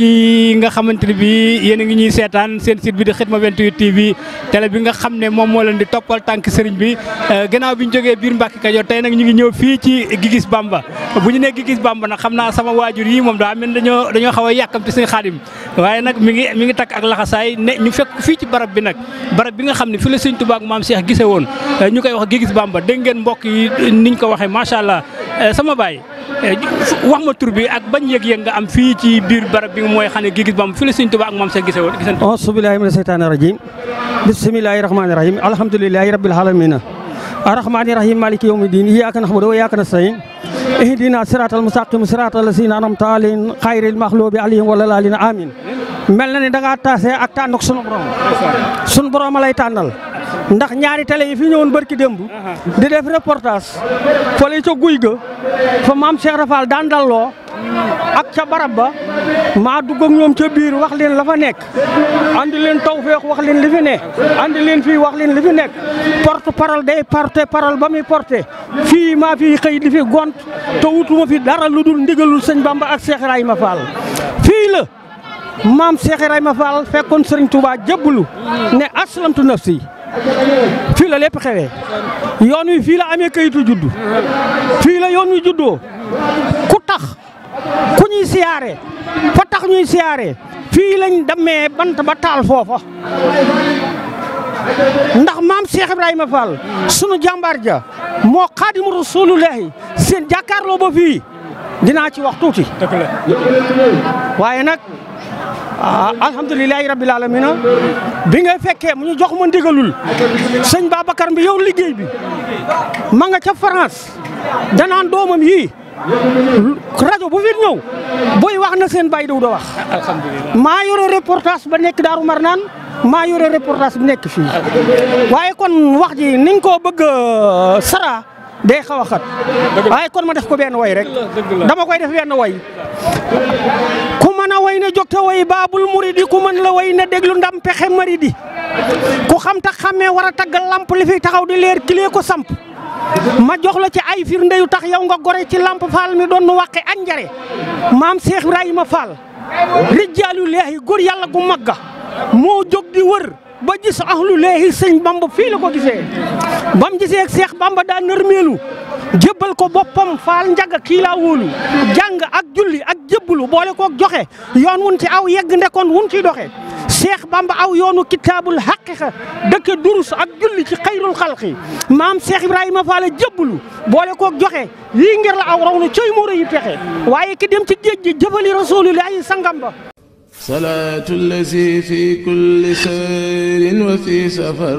ci nga xamante ne bii yéen a ngi ñuy seetaan seen site bi di ma 28 TV télé bi nga xam ne moom moo leen di toppal tànk sëriñ bi euh, gannaaw bi ñu jógee biir Mbàkke Kajoor tey nag ñu ngi ñëw fii ci Gigis Bamba bu ñu nekk Gigis Bamba nag xam naa sama waajur yi moom daa mel dañoo dañoo xaw a yàkkamti seen xaadim waaye nag mi ngi mi ngi takk ak laxasaay ne ñu fekk fii ci barab bi nag barab bi nga xam ne fu la sëriñ Tuubaa ak maam Cheikh gise woon euh, ñu koy wax Gigis Bamba dégg ngeen mbokk yi niñ ko waxee macha allah euh, sama baay Eh, wax ma tur bi ak bañ yëg-yëg nga am fii ci biir barab bi mooy xam ne gii gis bam fi la Sëñ Tuubaa ak moom seen gisee woon gisante auzu billaahi mina seytaani rajiim bismillaahi rahmaani rahiim alhamdulillaahi rabbil aalamiin arrahmaani rahiim maaliki yawmi diin iyyaaka na'budu wa iyyaaka nasta'iin ihdina siraatal mustaqiim siraatal laziina an'amta alayhim xayril maxluubi alayhim wala laaliin amiin mel na ni da ngaa taase ak tànnuk sunu borom sunu borom lay tànnal ndax ñaari télé yi fi ñëwoon barki démb di def reportage fële ca guy ga fa maam Cheikh Rafal daan dalloo ak ca barab ba maa dugg ak ñoom ca biir wax leen la fa nekk andi leen tawfeex wax leen li fi ne andi leen fii wax leen li fi nekk porte parole day porte parole ba muy porte fii maa yi xëy di fi gont te fi dara lu dul ndigalul sëñ Bamba ak Cheikh Ibrahima Fall fii la maam Cheikh Ibrahima Fall fekkoon sëriñ Touba jébbalu ne aslamtu nafsi fii la lépp xewee yoon wi fii la amee kayitu judd fii la yoon wi juddoo ku tax ku ñuy siyaare fa tax ñuy siyaare fii lañ demee bant ba taal foofa ndax maam Cheikh Ibrahima Fall sunu jàmbaar ja moo xaadimu rasulullahi seen jàkkaarloo ba fii dinaa ci wax tuuti waaye nag Ah, alhamdulilahi rabbil alamin bi nga fekkee mu ñu jox ma ndigalul sëñ Babacar bi yow liggéey bi ma nga ca France danaan doomam yii rajo bu fi ñëw booy wax na seen bàyyi daw da wax maa yore reportage ba nekk Daaru naan maa yore reportage bi nekk fii waaye kon wax ji niñ ko bëgg euh, sara day xaw a xat waaye kon ma def ko benn way rek dama koy def benn way mën a na jóg te way baabul muridi ku mën la way na déglu ndam pexe maridi xam ta xamee war a taggal li fi taxaw di leer kilee ko samp ma jox la ci ay firnde yu tax yow nga gore ci lamp faal mi doon nu wàqe ak njare maam Cheikh Ibrahima Fall rijjaalu leehi góor yàlla gu magga moo jóg di wër ba gis ahlu leehi sëñ bamb fii la ko gisee bam gisee ak Cheikh Bamba daa nërmeelu jébbal ko boppam faal njaga kii laa wóolu jàng ak julli ak jébbalu boole kook joxe yoon wun ci aw yegg ndekoon wun ciy doxe Seex Bamba aw yoonu kitaabul xaqiqa dëkke durus ak julli ci xayrul xalqi maam Seex Ibrahima Faal jébbalu boole kook joxe yii ngir la aw raw na coy muur yi pexe waaye ki dem ci géej gi jëbali rasulillahi ay ba salaatu lazi fi kulli sayrin wa fi safar